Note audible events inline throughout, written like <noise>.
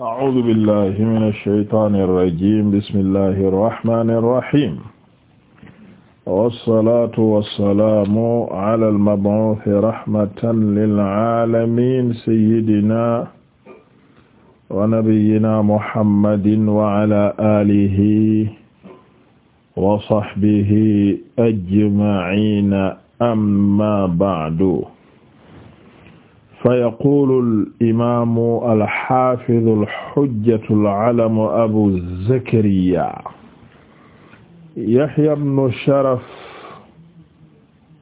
أعوذ بالله من الشيطان الرجيم بسم الله الرحمن الرحيم والصلاة والسلام على المبعوث رحمة للعالمين سيدنا ونبينا محمد وعلى آله وصحبه أجمعين أما بعد fa yaqulu al-imaamu al-haafidu al-hujjatu al-alamu abu zakariya yahya ibnu sharaf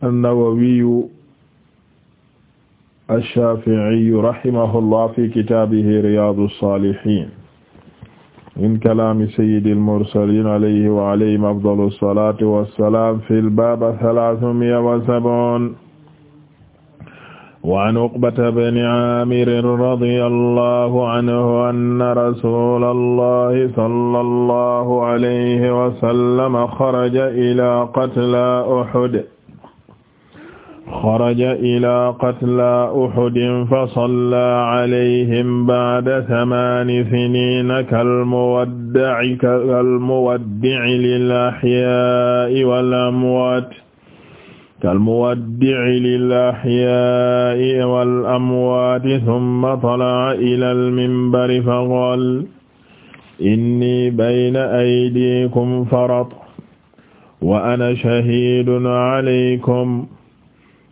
an-nawawiyu ash-shaafi'iyu rahimahullah fi kitaabihi riyaadu saalihiin min kalaami sayyidi al-mursaliin alayhi wa alayhim afdalu salaati wa salaam fil baab salaasumi'a wa sab'uun wa an uqbata bni aamirin radiya allahu anhu anna rasula allahi salla allahu alayhi wasallama xaraja ila qatla uhud xaraja ila qatla uhudin fasalla alayhim ba'da thamaani siniina kalmuwaddi'i lil ahyaa'i wal amwaat kalmuwaddici lil axyaai wal amwaati summa talaca ilal minbari faqaala inni bayna aydiikum farad wa ana shahiidun calaykum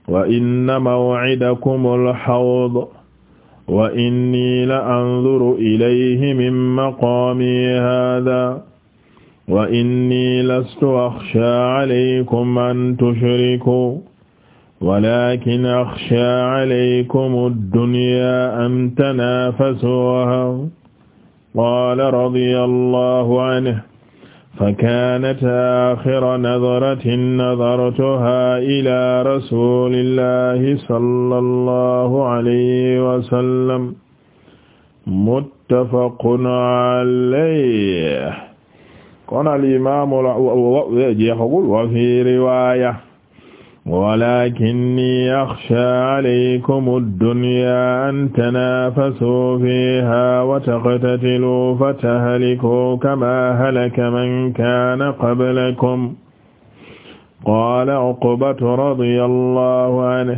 wa inna mawcidakumul xawd wa inni la anzuru ilayhi min maqaami haadaa wa inni lastu axsha alaykum an tushriku walakin axsha alaykum ad-dunya an tanafasuha qaala radiyallahu anhu فكانت آخر نظرة نظرتها إلى رسول الله صلى الله عليه وسلم متفق عليه kon al imamu jeexagul wa fi riwaya walakinni axsha alaykum ad-dunya an tanafasu fiha wa taqtatilu fatahliku kama halaka man kana qablakum qala uqbatu radiyallahu anhu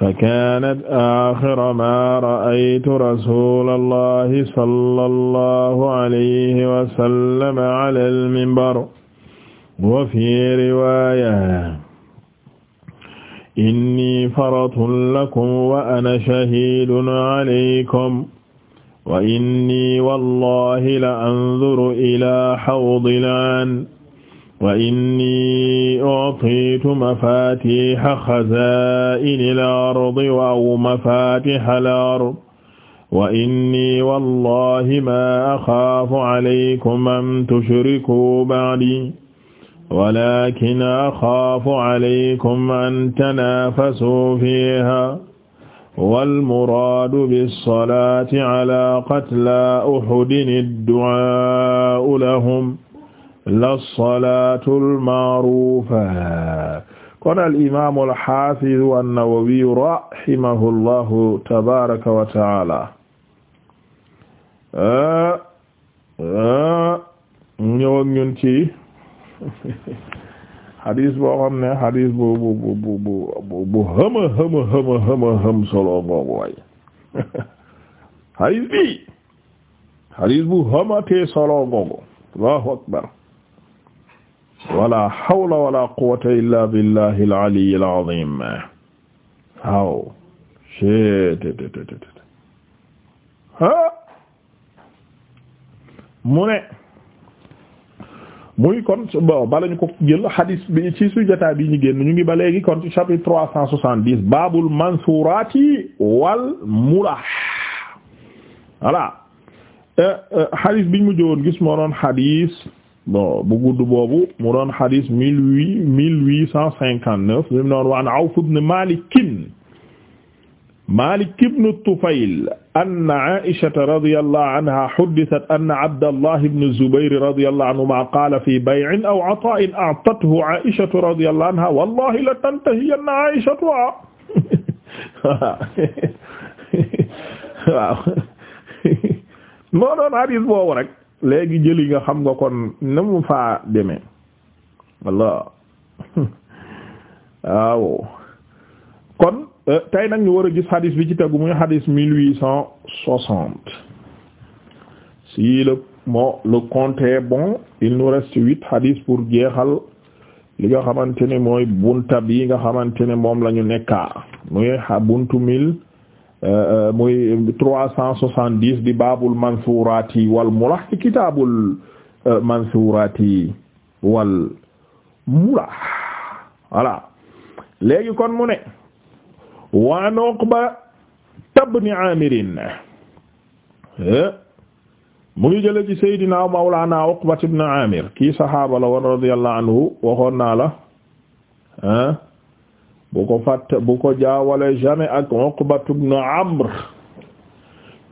فكانت آخر ما رأيت رسول الله صلى الله عليه وسلم على المنبر وفي رواية إني فرط لكم وأنا شهيد عليكم وإني والله لأنظر إلى حوض العان wa inni uutiitu mafaatiiha xazaa'inil ardi aw mafaatihal ardi wa inni wallaahi maa axaafu alaykum an tushrikuu ba'dii walaakin axaafu alaykum an tanaafasuu fiihaa wal muraadu bis-salaati alaa qatlaa uhudin ad-du'aa'u lahum la salaatu almaaruufa kon al imaamu alxaafidu annawawi rahimahu llahu tabaaraka wa taala ñëw ak ñun ci xadis boo xam ne xadis bu bu bu bu bu hama akbar wala hawla wala quwwata illa billahi al-aliyyil azim waaw cettt ah mu ne muy kon bon bala ñu ko jël hadis bi ci su jotaay bi ñu génn ñu ngi ba léegi kon ci chapitre trois cent soixante-dix babul mansurati wal mulah voilà euh, euh, hadis biñ mu jëwoon gis moo doon hadis bon bu gudd boobu mu doon xadis mille huit mille huit cent cinquante neuf mu doon waan Awf ibn Malik Malik ibn Tufayl anna Aisha radiyallahu anha huddithat anna Abdallah ibn Zubayr radiyallahu anhuma qala fi bay'in aw ata'in a'tathu Aisha radiyallahu anha wallahi la tantahiyanna Aisha <laughs> waaw <laughs> <laughs> moo doon xadis boobu rek léegi jëli nga xam nga kon na mu faa demee walla <laughs> waaw kon euh, tey nag ñu war a gis xadis bi ci tegu muy xadis mille huit cent soixante si le mo le compte bon il nous reste huit xadis pour jeexal li nga xamante ni mooy bunta bi nga xamante ne moom la ñu nekkaa muy buntu mille muy trois cent soixante dix di baabul mansuuraati wal mulah ci kitaabul euh, mansuuraati wal mulah voilà léegi kon mu ne wa an Uqba ibn Aamir euh, mu ngi jële ci Seydina Mawlaana Uqba ibn Aamir kii saxaaba la woon radiyallahu anhu waxoon naa la bu ko fàtte bu ko jaawale jamais ak Uqbat ibn Amr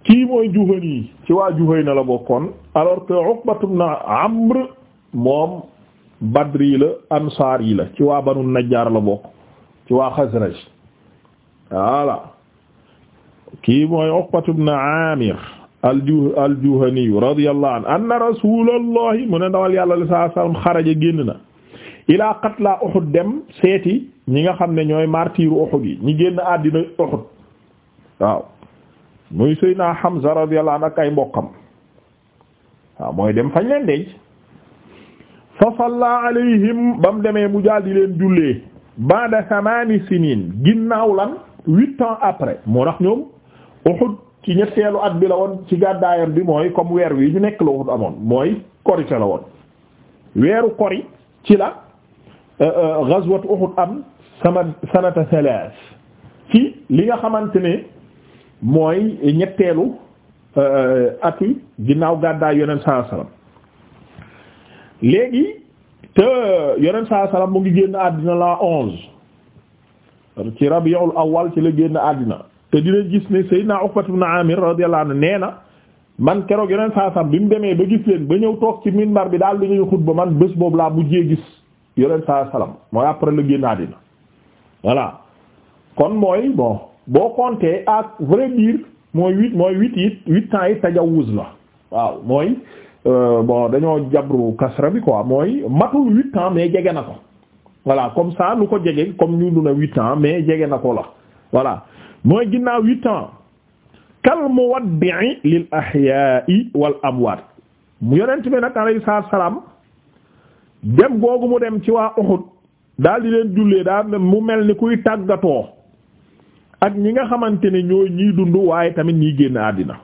kii Juhani ci waa Juhayna la bokkoon alors que Uqbat ibn Amr moom Badri la yi la ci wa Banu Najjaar la bokk ci waa Xasraj voilà kii mooy Uqbat ibn al-Juhani radiyallahu anhu anna mu ne ndawal yàlla sallallahu alayhi wasallam xaraja génn na ilaa qatlaa seeti ñi nga xam ne ñooy martiru Uhud yi ñi génn àddina Uhud waaw muy Seydina Hamza radiyallahu anhu ak ay mbokkam waaw mooy dem fañ leen denc fa salla alayhim ba mu demee mu daal di leen jullee ba'da thamani sinin ginnaaw lan huit ans après moo tax ñoom Uhud ci ñetteelu at bi la woon ci gàddaayam bi mooy comme weer wi ñu nekk la Uhud amoon mooy korite la woon weeru kori ci la euh, euh, ghazwat Uhud am sama sanata salaas ci li nga xamante ne mooy ñetteelu euh, atu ginnaaw gàddaay yonent saa salaam léegi te yonent saa salaam mu ngi génn àddina la onze ci rab rabiul awal ci la génn àddina te dina gis ne Seydina Uqbat ibn Amir radiyallahu anhu nee na man keroog yeneen saasam bi mu demee ba gis leen ba ñëw toog ci minbar bi daal di ñuy ba man bés boobu laa mujjee gis yeneen saa salaam mooy après la génn àddina voilà kon mooy bon boo compter ak vrai dire mooy huit mooy huit it huit ans yi tajawuz la waaw mooy euh, bon dañoo jabru kasra bi quoi mooy matul huit ans mais jege na ko voilà comme ça lu ko jege comme ñu duna huit ans mais jege na ko la voilà mooy ginnaaw huit ans kal muwaddi'i lil ahya'i wal amwaat mu yonent bi nag alayhi salaam dem googu mu dem ci waa Uhud daal di leen jullee daa mu mel ni kuy tàggatoo ak ñi nga xamante ne ñooy ñiy dund waaye tamit ñiy génn àddina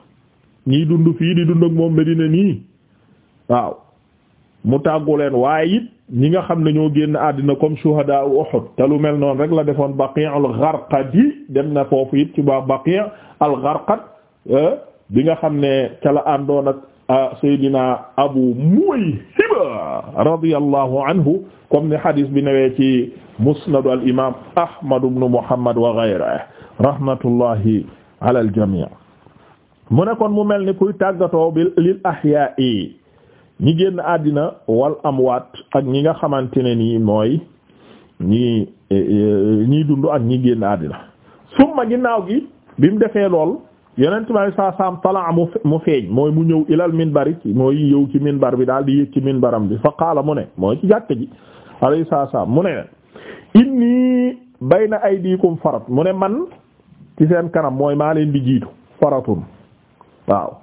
ñiy dund fii di dund ak moom Medina nii waaw mu tàggu leen waaye it ñi nga xam ne ñoo génn àddina comme shuhadaa Uhud te lu mel noonu rek la defoon Baqi' al-Gharqad yi dem na foofu it ci ba Baqi' al-Gharqad eh, bi nga xam ne ca la àndoon ak Ah, Seydina Abu Muwayhiba radiyallahu anhu comme ni hadis bi newee ci musnad al imaam Ahmad ibn Muhammad wa ghayrihi rahmatullahi ala al jamii mu ne kon mu mel ni kuy tàggatoo bi lil ahyaa'i ñi génn àddina wal amwaat ak ñi nga xamante ne nii mooy ñi eh, eh, ñiy dund ak ñi génn àddina summa ginnaaw gi bi mu defee lool. yeneen tubaab saa saam talaa mu mu feeñ mooy mu ñëw ilal minbari mooy yow ci minbar bi daal di yëg ci min minbaram bi fa qaala mu ne mooy ci jàkk ji alayhi saa saam mu ne inni bayna aydikum farat mu ne man ci seen kanam mooy maa leen di jiitu faratun waaw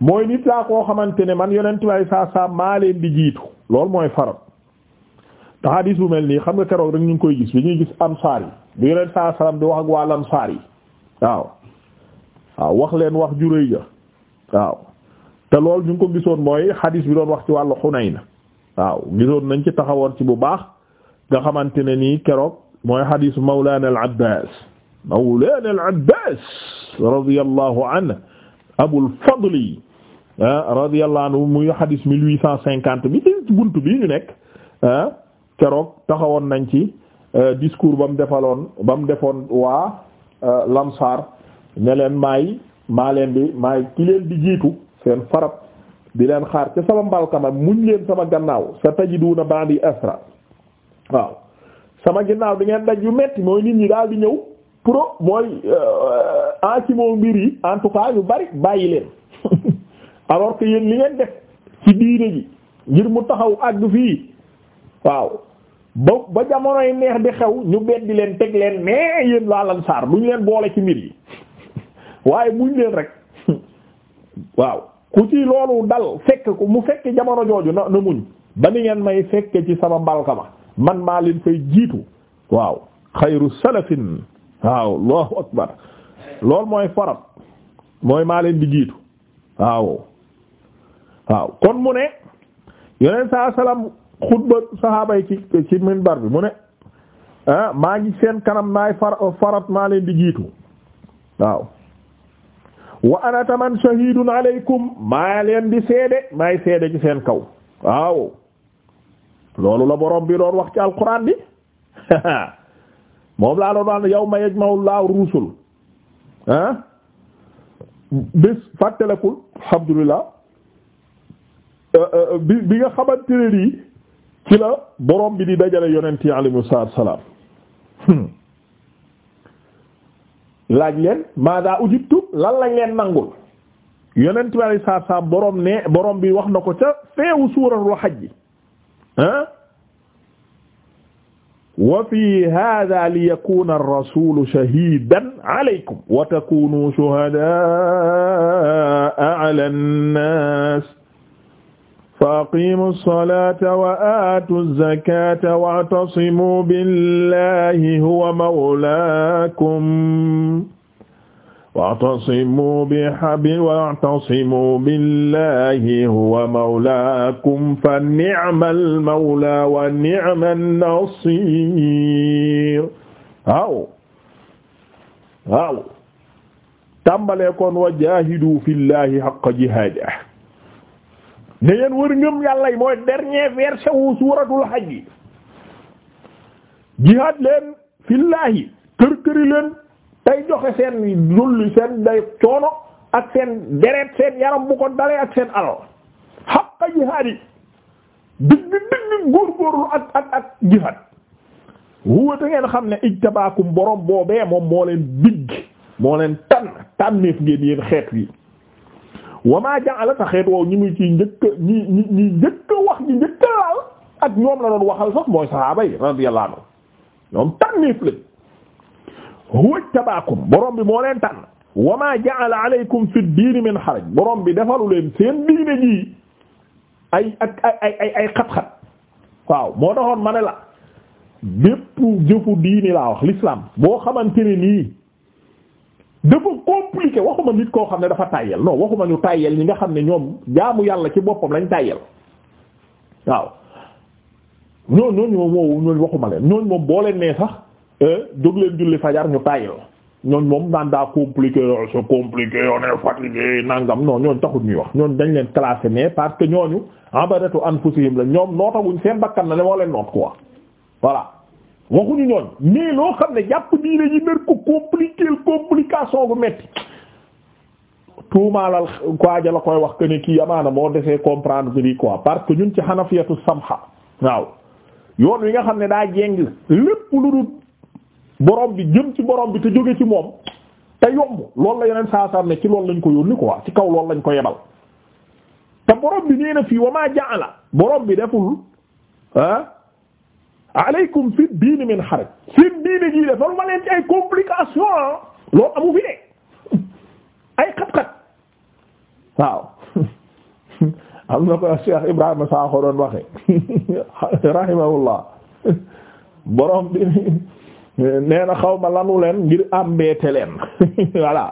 mooy nit laa koo xamante ne man yonent tubaab saa saam maa leen di jiitu lool mooy farat te hadis bu mel nii xam nga keroog rek ñu ngi koy gis bi ñuy gis ansaar yi bu yonent saa saam di wax ak waa waaw wax leen wax ju rëy ja waaw te lool ñu ngi ko gisoon mooy xadiis bi doon wax ci wàllu Xunayn waaw gisoon nañ ci taxawoon ci bu baax nga xamante ne nii keroog mooy xadiis Mawlana al-Abbaas Mawlana al-Abbaas radiyallahu anhu Abul Fadli ah, radiyallahu anhu muy xadiis mille huit cent cinquante bi ci buntu bii ñu nekk ah, keroog taxawoon nañ ci eh, discours ba mu defaloon ba mu defoon waa eh, Lamsaar ne leen maay maa leen di maay ki leen di jiitu seen farab di leen xaar ca sama mbalkama muñ leen sama gannaaw sa tajiduna ba'di asra waaw sama ginnaaw di ngeen daj yu metti mooy nit ñi daal di ñëw pro mooy euh, en ci moo mbir yi en tout cas yu bari bàyyi leen <laughs> alors que yéen li ngeen def ci diine ji ngir mu taxaw àgg fii waaw ba ba jamonoy neex bi xew ñu beddi leen teg leen mais yéen laa lan saar duñ leen boole ci mbir yi waaye muñ leen rek <laughs> waaw ku ci loolu dal fekk ko mu fekk jamono jooju na na muñ ba ngeen may fekk ci sama mbalka ma man maa leen fay jiitu waaw xayru salafin waaw allahu akbar loolu mooy farat mooy maa leen di jiitu waaw waaw kon mu ne yoneen saa salaam xutba saxaaba yi ci ci minbar bi mu ne ah, maa ngi seen kanam naay farat maa leen di jiitu waaw wa ana taman shahidun alaykum maa leen di seede maay seede ci seen kaw waaw loolu la borom bi doon wax ci alquran bi <laughs> moom laa doon wax yawma yajma'u llahu rusul ah bis fàttalekul alhamdulillah euh, euh, bi bi nga xamante ne nii la borom bi di dajale yonent yi alayhi salaam hmm. laaj leen maada ujibtu lan lañ leen nangul yonent bi alei saatu salaam boroom ne boroom bi wax na ko ca feewu suuratul hajj ah wa fi hada li yakuna ar-rasulu shahidan alaykum wa takunu shuhadaa ala an-nas fa aqimu alsalata wa aatu zakata waatasimuu billahi huwa mawlaakum waatasimuu bihabi waatasimuu billahi huwa mawlaakum fa ni'ma almawla wa ni'ma an-nasiir waaw waaw tàmbalee kon wa jaahidu fillahi haqqa jihaadihi ne yéen wër ngëm yàlla yi mooy dernier verset wu suuratul hajj yi jihaad leen fillaahi kër këri leen tey joxe seen dulli seen day coono ak seen deret seen yaram bu ko dalee ak seen alal haqqa jihaad yi digg digg góorgóorlu ak ak ak jihaad huwa te ngeen xam ne ijtabaakum borom boobee moom moo leen bigg moo leen tànn tànneef ngeen yéen xeet wi waa maa ja'ala sa xeet wow ñi muy ci njëkk ñi wax ak ñoom la doon waxal sax mooy sahaaba yi radiyallahu anhu ñoom tànniif la huwa tabaakum borom bi moo leen tànn wa maa ja'ala alaykum fi diini min haraj borom bi defalu leen seen diine ji ay ak ay ay xat-xat waaw moo taxoon ma ne la bépp jëfu diini laa wax l'islam boo xamante ne nii dafa compliqué waxuma nit koo xam ne dafa tàyyel non waxuma ñu tàyyel ñi nga xam ne ñoom jaamu yàlla ci boppam lañ tàyyel waaw ñooñu ñooñu moom woowu ñooñu waxuma leen ñooñu moom boo leen nee sax eh, jóg leen julli fajar ñu tàyyel ñooñ moom naan daa compliqué oh, c'est compliqué on est fatigué nangam non ñooñ taxul ñuy wax ñooñ dañ leen classé mais parce que ñooñu abaratu anfusihim la ñoom nootawuñ seen bakkan na ne moo leen noot quoi voilà waxuñu ñooñ mais loo xam ne jàpp diine ji nar ko compliqué complication bu metti tuumaalal quoi ja la koy wax que ki kii amaana moo defee comprendre que ni quoi parce que ñun ci sam samha waaw yoon wi nga xam ne daa jéng lépp lu dul borom bi jëm ci boroom bi te jóge ci moom te yomb loolu la yeneen saa saa ne ci loolu lañ ko ni quoi ci kaw loolu lañ ko yebal te borom bi nee na fii wa maa jaala borom bi deful ah. aleykum fi diini min xaraj fi diini jii de loolu ma leen ci ay complication loolu amu fi de ay xat-xat waaw am na ko Cheikh Ibrahima Sakho doon waxe rahimahullah borom bi nee xaw ma lanu leen ngir ambeete leen voilà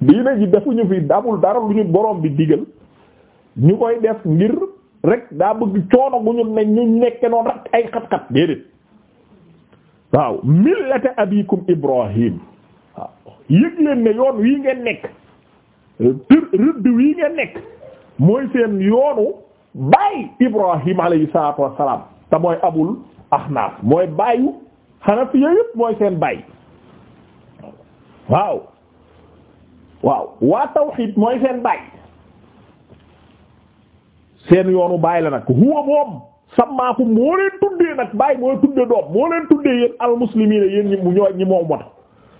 diine ji defuñu fi dabul dara lu ñu borom bi digal ñu koy def ngir rek daa bëgg coono gu ñu ne ñu nekke noonu rek ay xat-xat déedéet waaw millata abikum ibrahim waaw ne yoon wii ngeen nekk tër rëdd wii ngeen nekk mooy seen yoonu baay ibrahim alayhi salaatu wassalaam te mooy abul ahnaaf mooy baayu hanafiya yépp mooy seen baay waaw waaw waa tawxiid mooy seen baay seen yoonu bàyyi la nag huwa moom sammaakum moo leen tuddee nag bàyyi moo tuddee doom moo leen tuddee yéen almuslimiin yéen ñi ñoo ñi moom wat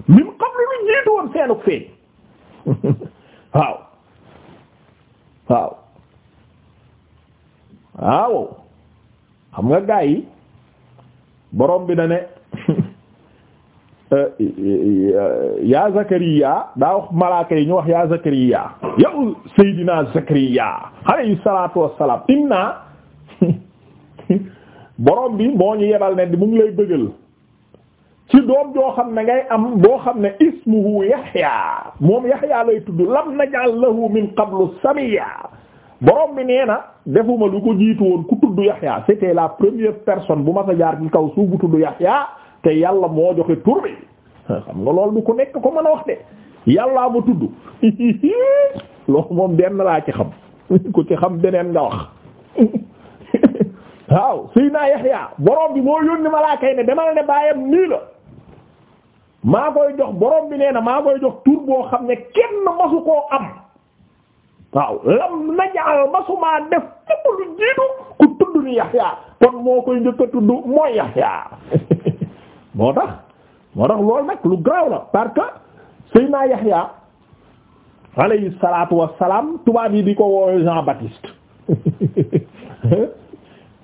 min qablu lu jiitu woon seenuk feeñ <laughs> waaw waaw waaw xam nga gaa yi bi na ne Euh, euh, yaa Zakariya daa wax malaaka yi ñu wax yaa Zakariya yow Seydina Zakariya alayhi salaatu wassalaam inna <laughs> borom bi moo ñu yebal ne mu ngi lay bëggal ci doom joo xam ne ngay am doo xam ne ismuhu Yaxya moom Yaxya lay tudd lam naj'al lahu min qablu samiya borom bi nee na defuma lu ko jiitu woon ku tudd Yaxya c'était la première personne bu ma sa jaar ci kaw suuf bu tudd Yaxya te yàlla moo joxe tur bi xam nga loolu du ko nekk ko mën a wax de yàllaa ma tudd <laughs> loolu moom benn laa ci xam <laughs> ku ci xam beneen nga wax <laughs> waaw suy naa Yaxya borom bi moo yónni malaaka yi ne demal ne baayam nii la maa koy jox borom bi nee na maa koy jox tur boo xam ne kenn masu koo am waaw lam najal masumaa def fukk lu jiitu ku tudd ni Yaxya kon moo koy njëkk a tudd mooy Yaxya moo tax moo tax loolu nag lu garaaw la parce que Seydina Yahya alayhi salaatu wassalaam tubaab yi di ko woowe Jean Baptiste <laughs>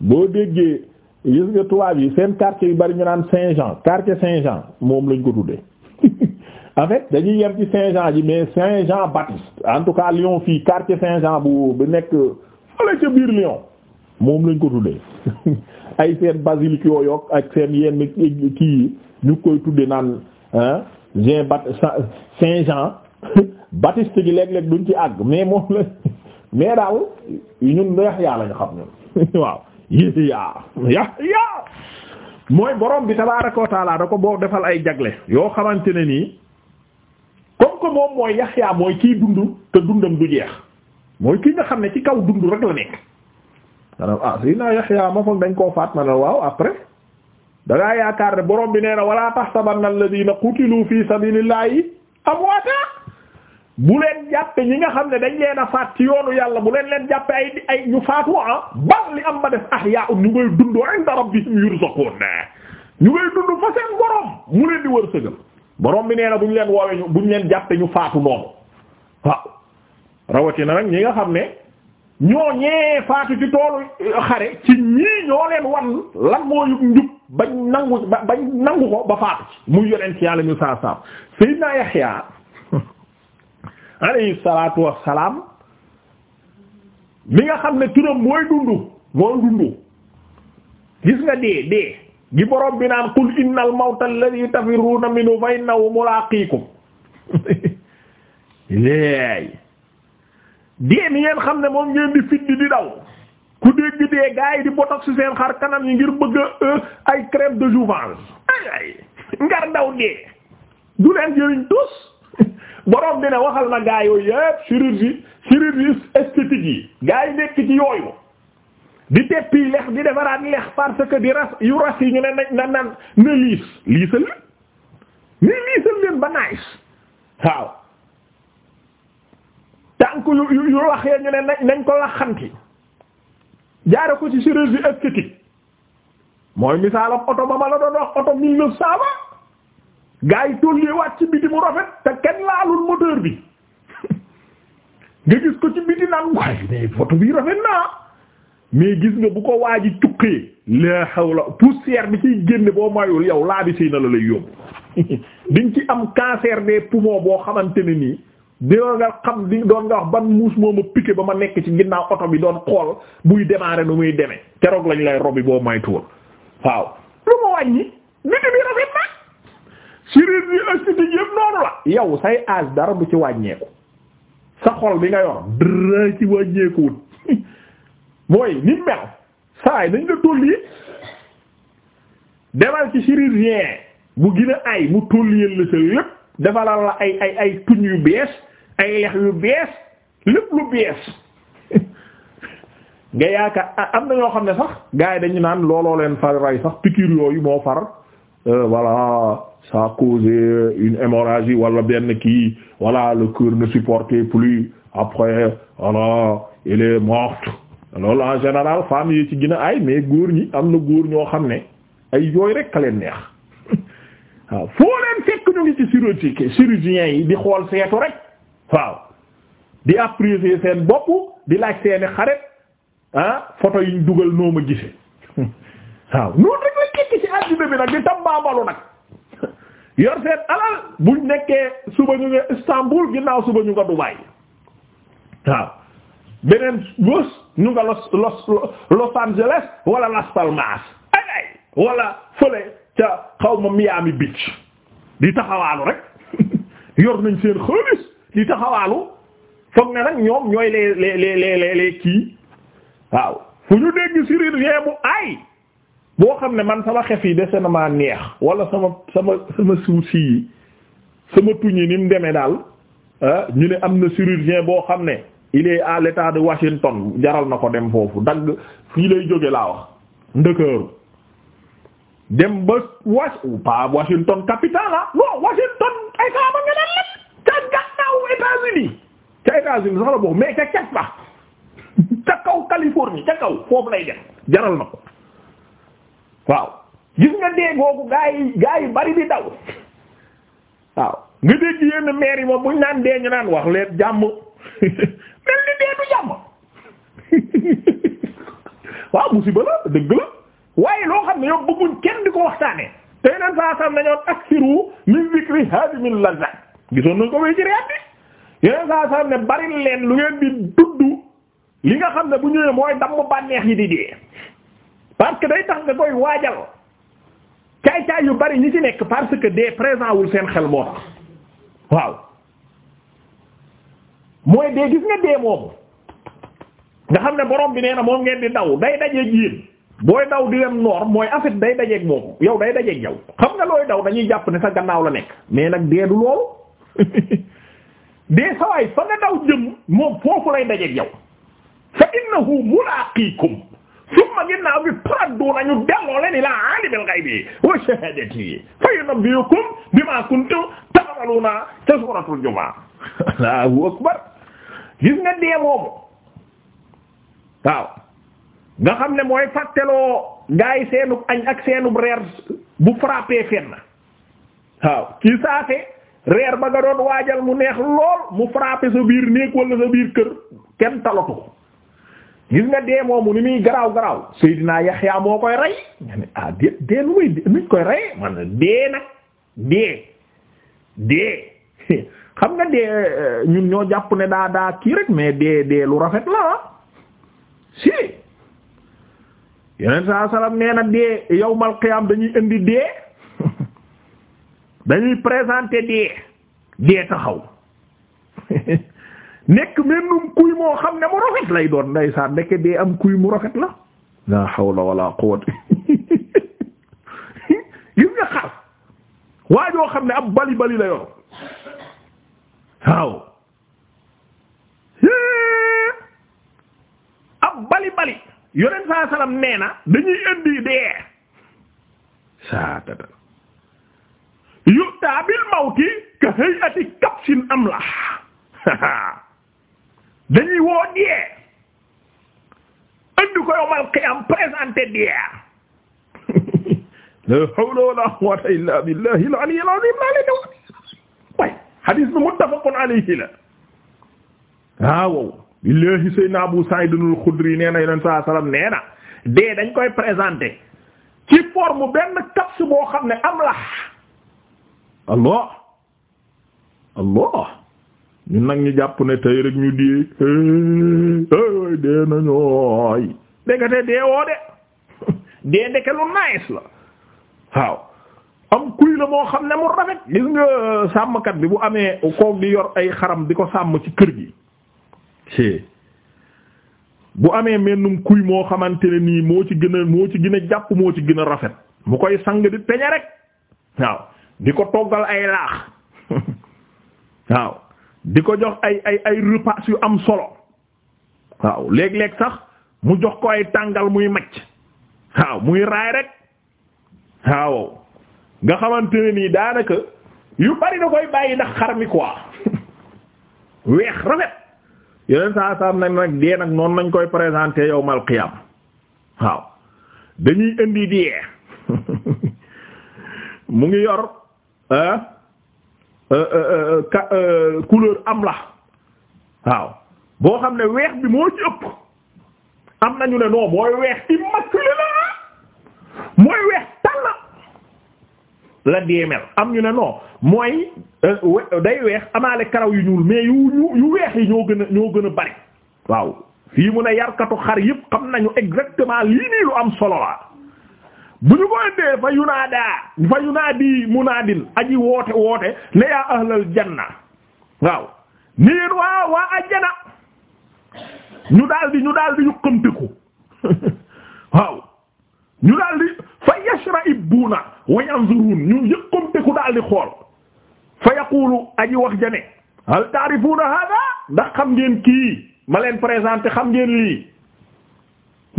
boo déggee gis nga tubaab yi sen quartier yu bari ñu naan Saint-Jean quartier Saint-Jean moom lañ ko tuddee <laughs> en fait dañuy yem ci Saint-Jean ji mais Saint-Jean Baptiste en tout cas Lyon fii quartier Saint-Jean bu bu nekk fële ca biir Lyon moom lañ ko tuddee <laughs> ay seen basilique yooyu ak seen yenn kii yi ñu koy tudde naan Jean bat Saint Jean <laughs> Baptiste gi léeg-léeg duñ ci àgg mais moom la <laughs> mais daal ñun Yaxya lañu xam ñun waaw Yaxya Yaxya mooy borom bi tabaaraka wa taala da ko boo defal ay jagle yoo xamante ne nii comme que moom mooy Yaxya mooy kiy dund te dundam du jeex mooy ki nga xam ne ci kaw dund rek la nekk maanaam ah Seydina Yahya ma foog dañ koo faat ma ne waaw après da yaakaar ne borom bi nee na wala tahsabanna alladhina qutilu fi sabilillahi amwaata bu leen jàppe ñi nga xam ne dañ leen a faat ci yoonu yàlla bu leen leen jàppe ay ay ñu faatu ah bal li am ba def ahyaa'un ñu ngay dund inda rabbihim yurzaqun ñu ngay dund fa seen borom mu leen di wërsëgal borom bi nee na bu ñu leen woowee ñu bu ñu leen jàppe ñu faatu noonu rawatina nag ñoo ñee faatu ci toolu euh, xare ci ñii ñoo leen wan lan moo yëg njub bañ nangu bañ nangu ko ba faatu ci muy yonent ci yàlla ñu saa saam Seydina Yaxya <laughs> alayhi salaatu wassalaam mi nga xam ne turam mooy dundu mooy dundu gis nga dee dee gi borom bi naan qul innal mawta alladhi tafirruuna minhu fa innahu mulaaqiikum <laughs> léey dee mi ngeen xam ne moom ngeen di fit di daw ku dégg dee gaa yi di botox ci seen xar kanam yi ngir bëgg euh, ay crème de jouvence ay ay ngar daw dee du leen jëriñ tus <laughs> borom bi waxal na gaa yépp chirurgie chirurgie esthétique yi gaa nekk ci yooyu di teppi lex di defaraat lex parce que di ras yu ras yi ñu ne na nan na liis liisal leen liisal leen ba nice waaw tànk yu yu wax ya ñu nañ ko laxanti jaare ko ci chirurgie esthétique mooy misaalam oto ba ma la doon wax oto mille neuf cent ba gaa yi tolli waat ci biti mu rafet te kenn laalul moteur bi <laughs> nga gis ko ci biti naan waaye mais photo bi rafet naa mais gis nga bu ko waa ji tukkee la hawla poussière bi ciy génne boo mayul yow laa bi sëy na la lay yóbbu <laughs> diñ ci am cancer des poumons boo xamante ne nii di nga xam di doon nga wax ban muus moo ma piqué ba ma nekk ci ginnaaw oto bi doon xool buy démarrer nu muy demee keroog lañ lay robi boo maytuwul waaw lu ma wàññi nit bi rafet na chirurgie bi esthétique yëpp noonu la yow say âge dara bu ci wàññeeku sa xol bi nga yor dara ci wàññeekuwut mooy ni mel saay nañ la tolli demal ci chirurgien bu gën a ay mu tolliyal la sa lépp defalal la ay ay ay tuñ yu bees ay lex yu bees lépp lu bees nga yaakaar ah, am na ñoo xam ne sax gars yi dañu naan looloo leen far rey sax piqûre yooyu moo far euh, voilà ça a causé une hémorragie wala benn kii voilà le cœur ne supportait plus après voilà il est mort loolu en général femmes yi ci gën ay mais góor ñi am na góor ñoo xam ne ay yooyu rek a leen neex <laughs> waaw foo leen fekk ci chirurgie chirurgien yi di xool seetu rek waaw di apprécier seen bopp di laaj seeni xarit ah yi yiñ dugal noo ma gise <laughs> waaw noonu rek la kekk ci àddina bi nag di tambaabalu nag <laughs> yor seen alal buñ nekkee suba ñu nga Istanbul ginnaaw suba ñu nga Dubaï waaw beneen bës ñu nga Los Los Los Angeles wala Las Palmas ay ay wala fële ca xaw ma Miami Beach di taxawaalu rek <laughs> yor nañ seen xaalis li taxawaalu foog ne nag ñoom ñooy le le les les les kii waaw fu ñu dégg chirurgien bu ay boo xam ne man sama xef yi dese na neex wala sama sama sama souci yi sama tuñ yi ni mu demee daal ah, ñu ne am na chirurgien boo xam ne il est à l'état de Washington jaral na ko dem foofu dagg fii lay jóge laa wax ndëkkëru dem ba wash pas Washington capitale ah Washington ay saaba nga naan lépp kaw États-Unis ca États-Unis sax la bokk mais ca cat ba ca kaw Californie ca kaw foofu lay def jaral na ko waaw gis nga dee googu gaa yi gaa yi bari di daw waaw nga dégg yenn maire yi moom buñ naan dee ñu naan wax leen jàmm <laughs> mel ni dee du jàmm <laughs> waaw musiba la dëgg la waaye loo xam ne yow bëgguñ kenn di ko waxtaanee. tey nag saa xam nañoon aksiru min zikri hadimil lazat gisoon nañ ko wéy ci réat bi yeneen saa saa ne bari leen lu ngeen di tudd li nga xam ne bu ñëwee mooy damm bànneex yi di dee parce que day tax nga koy waajal caay-caay yu bari ñi ci nekk parce que dee présent wul seen xel moo tax waaw mooy dee gis nga dee moomu nga xam ne borom bi nee na moom ngeen di daw day dajeeg yéen booy daw di dem noor mooy en fait day dajeeg moom yow day dajeeg yow xam nga looy daw dañuy jàpp ne sa gannaaw la nekk mais nag dee du loolu <laughs> dee sawaay fa nga daw jëm moom foofu lay dajeek yow fa innahu mulaaqiikum summa ginnaaw bi turadduuna ñu delloo leen ilaa aalimil ghaybi wa shahaadati fa yunabbi'ukum bimaa kuntum ta'maluuna ca suuratul jumaa <laughs> allahu akbar gis nga dee moomu waaw nga xam ne mooy fàtteloo gaa yi seenub añ ak seenub reer bu frappé fenn waaw ci saase reer ba nga doon waajal mu neex lool mu frappé sa biir néeg wala sa biir kër kenn talatu ko gis nga dee moomu ni muy garaaw garaaw Seydina Yaxya moo koy rey nga ne ah dee dee nu koy rey dee nag dee dee <laughs> xam nga dee euh, ñun ñoo jàpp ne daa daa kii rek mais dee dee lu rafet la ah. si yeneen saa salaam nee na dee yawmal qiyaam dañuy indi dee <laughs> dañuy présenter dee dee taxaw <laughs> nekk mennum kuy moo xam ne mu rafet lay doon ndeysaan nekk dee am kuy mu rafet la la hawla wala quwwata <laughs> gis nga xar waajoo xam ne ab bali bali la yor waaw <laughs> ab bali bali yoneen saa salaam nee na dañuy indi dee saa tata hatta bil mawti ka hay'ati kabsin amlah <laughs> dañuy woo dee andi ko yawmal qiyam présenté dee <laughs> la hawla wala quwwata illa billahi al ali al azim la le daw way hadith bi muttafaqun alayhi la ah, waaw billahi sayna abu sa'id al khudri nee na yonent sallallahu alayhi wasallam nee na dañ koy présenté ci forme benn kabs boo xam ne amlah allah allah ñun nag ñu jàpp ne tey rek ñu diyee eh, eh, eh, ay dee nañooy ndekete dee woo de <laughs> dee ndeke lu nice la waaw am kuy la moo xam ne mu rafet gis nga euh, sàmmkat bi bu amee koog gi yor ay xaram di ko sàmm ci kër gi bu amee mennum kuy moo xamante ne nii moo ci gën a moo ci gën a jàpp moo ci gën a rafet mu koy sang di peñe rek waaw di ko toggal ay laax <laughs> waaw di ko jox ay ay ay yu am solo waaw léeg-léeg sax mu jox ko ay tàngal muy macc waaw muy raay rek waaw nga xamante nii daanaka yu bari da koy bàyyi ndax xar mi quoi <laughs> weex rafet yeneen saa saam nag nag dee nag noonu lañ koy présenter yawmal qiyam waaw dañuy indi dee <laughs> mu ngi yor Euh, euh, euh, couleur am la waaw boo xam ne weex bi moo ci ëpp am nañu ne non mooy weex immaculé la mooy weex tàll la deemel am ñu ne non mooy day weex amaale karaw yu ñuul mais yu yu weex yi ñoo gën ñoo gën a bari waaw fii mu ne yarkatu xar yëpp xam nañu exactement lii nii lu am solo la bu ñu ko indee fa yunaadaa fa yunaadi munaadin aji woote woote ne yaa ahlal janna waaw ni yéen waa waa ajjana ñu daldi ñu daldi yuqamtiku <laughs> waaw ñu daldi fa yashra'ibuna wa yanzurun ñu yuqamtiku daldi xool fa yaqulu aji wax jane hal ta'rifuna hada ndax xam ngeen kii ma leen présenté xam ngeen lii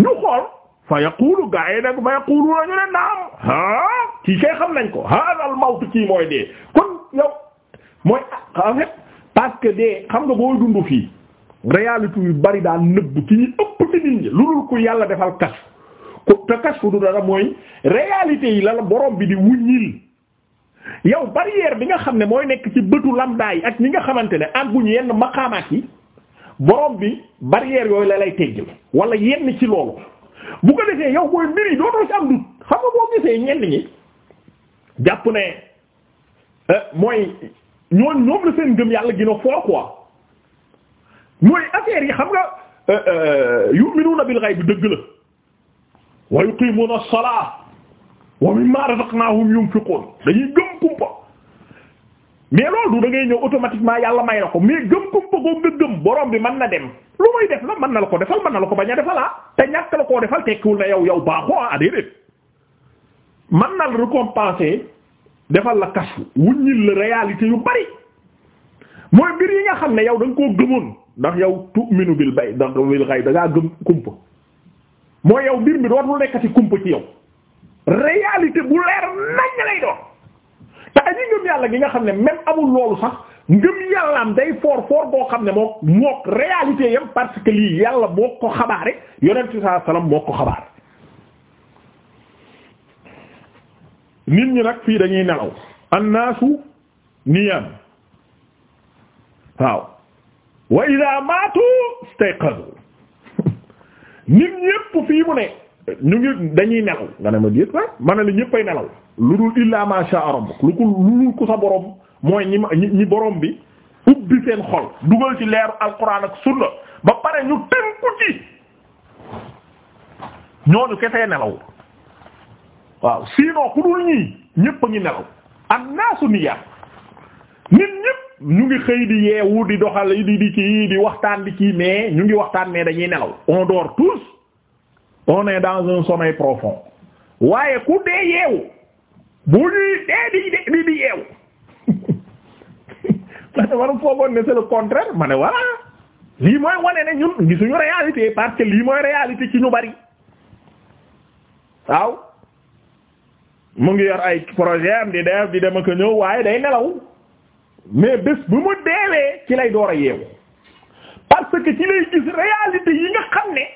ñu xool fa yaqulu gaa yi nag fa yaqulu nañu ne naam ah kii kay xam nañ ko hada al mawt kii mooy dee kon yow mooy en fait parce dee xam nga booy dund fii réalité yu bari daal nëbb ci ëpp ci nit ñi lu dul ku yàlla defal kas ku te kas fu du dara mooy réalité yi la la borom bi di wuññil yow barrière bi nga xam ne mooy nekk ci bëtu lamdaay ak ñi nga xamante ne àgguñu yenn maqaamaat yi borom bi barrière yooyu la lay teggil wala yenn ci loolu bu ko defee yow booy mbir yi dootoo ci dut xam boo gisee ñenn ñi jàpp ne euh, mooy ñoon ñoom la seen gëm yàlla gën a fort quoi mooy affaire yi xam euh, euh, yu'minuna bil ghayb dëgg la wa yuqimuna as-salata wa mimma razaqnahum yunfiqun dañuy gëm kumpa mais loolu da ngay ñëw automatiquement yàlla may la ko mais gëm ko bëggoon nga gëm borom bi mën na dem lu muy def la mën na la ko defal mën na la ko bañ a defal ah te ñàkk la koo defal tekkiwul na yaw yow baaxoo ah déedéet mën na la récompenser defal la kasu wuññil la réalité yu bari mooy mbir yi nga xam ne yow da nga koo gëmoon ndax yow tu'minu bil bay ndax bil ghay da gëm kumpa mooy yow mbir mi dootul nekkati kumpa ci yow réalité bu leer nañ te aji ngëm yàlla gi nga xam ne même amul loolu sax ngëm yàllaam day foor foor boo xam ne moo mook réalité yam parce que lii yàlla moo ko xabaare yonent bi sallallahu moo ko xabaar nit ñi nag fii dañuy nelaw annaasu niyaam waaw wa idaa maatu istayqadu <laughs> nit ñépp fii mu ne ñu ngi dañuy nelaw nga ne ma déet wa ma ne ñéppay nelaw lu dul illaa ma sha rabbuk lu ko lu dul ku sa borom mooy ñi ñi borom bi ubbi seen xol dugal ci leeru alquran ak sunna ba pare ñu tënku ci ñooñu kefee nelaw waaw sinon ku dul ñii ñépp a ngi nelaw annaasu nit ñépp ñu ngi xëy di yeewu di doxal di di kii di waxtaan di kii mais ñu ngi waxtaan mais dañuy nelaw on dort tous on dans un sommeil profond waaye ku dee yeewu bu ñuy dee di di di yeewu ma ne waru foogoon ne c'est le contraire ma ne voilà lii mooy wane ne ñun gisuñu réalité parce que lii mooy réalité ci ñu bari waaw mu ngi yor ay projet am di def di dem ñëw waaye day nelaw mais bés bu mu deewee ci lay door a yeewu parce que ci lay gis réalité yi nga xam ne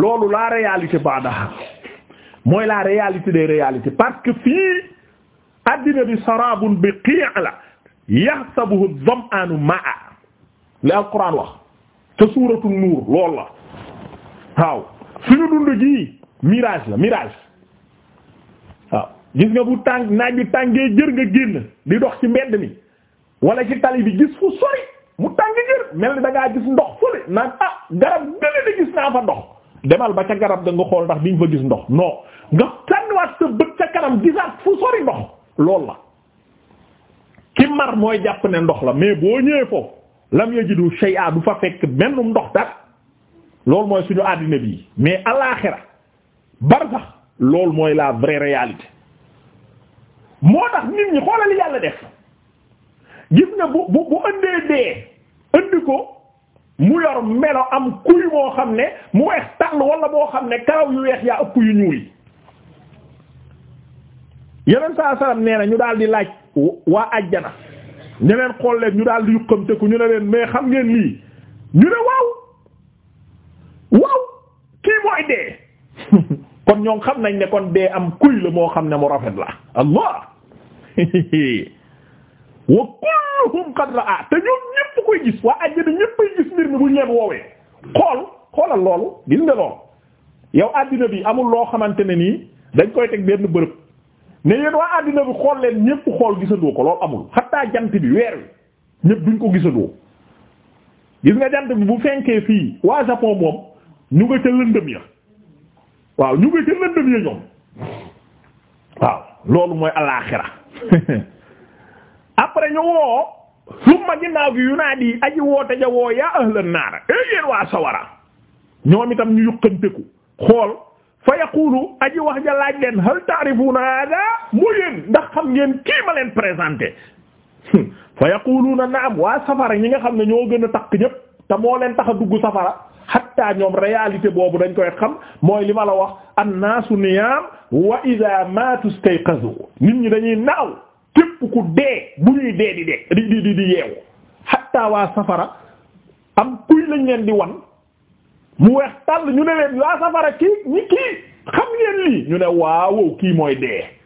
loolu la réalité badaha mooy la réalité des réalités parce que fii addina bi sarabun bi qii' la yahsabuhu dham'anu ma'a li alquran wax te suuratul nuur loolu la waaw suñu dund gi mirage la mirage waaw gis nga bu tàng naaj bi tàngee jër nga génn di dox ci mbedd mi wala ci tali bi gis fu sori mu tàng jër mel ni da gis ndox fële naan ah garab gële ba ca garab ga nga xool ndax di nga fa gis ndox non nga sànniwaat sa bët ca kanam gisaat fu sori ndox loolu la ki mar mooy jàpp ne ndox la mais boo ñëwee foofu lam yajidu shay'a du fa fekk mennum ndox dara loolu mooy suñu àddina bi mais alaaxira barzax loolu mooy la vraie réalité moo tax nit ñi xoolali yàlla def gis nga bu bu bu ëndee dee ëndi ko mu yor melo am kuy moo xam ne mu weex tàll wala boo xam ne karaw yu weex yaa ëpp yu ñuul yi yeneen saa salaam nee na ñu daal di laaj waa ajjana ñu leen xool leen ñu daal di yuqamte ku ñu ne leen mais xam ngeen lii ñu ne waaw waaw kii mooy dee <laughs> kon ñoom xam nañ ne kon dee am kuy la moo xam ne mu rafet la allah <laughs> wa kulluhum qad ra'a te ñoom ñépp koy gis waa ajjana ñéppay gis mbir mi buñ leen woowee xool xoolal loolu gis nga loolu yow àddina bi amul loo xamante ne nii dañ koy teg benn bërëb ne yéen waa àddina bi xool leen ñépp xool gisandoo ko loolu amul xattaa jant bi weer wi ñépp duñ ko gisandoo gis nga jant bi bu fenkee fii waa Japon moom ñu nga ca lëndëm ya waaw ñu nga ca lëndëm ya ñoom waaw loolu mooy alaaxira <laughs> après ñu woo summa ginnaaw gi yu naa di aji woote ja woo yaa ahlan naar ee eh yéen waa sawara ñoom itam ñu yuqanteku xool fa yaqulu aji wax ja laaj leen hal ta'rifuna hada mu yéen ndax xam ngeen kii ma leen présenté <laughs> fa yaquluna na'am waa safara ñi nga xam ne ñoo gën a takk ñépp te moo leen tax a dugg safara hatta ñoom réyalité boobu dañ koy xam mooy li ma la wax annaasu niyaam wa idha matu stayqazu nit ñi dañuy naaw képp ku dee bu ñuy dee di dee di di di yeewu hatta waa safara am kuy lañ leen di wan mu weex tàll ñu ne leen laa safara kii ñi xam ngeen lii ñu ne waaw kii mooy dee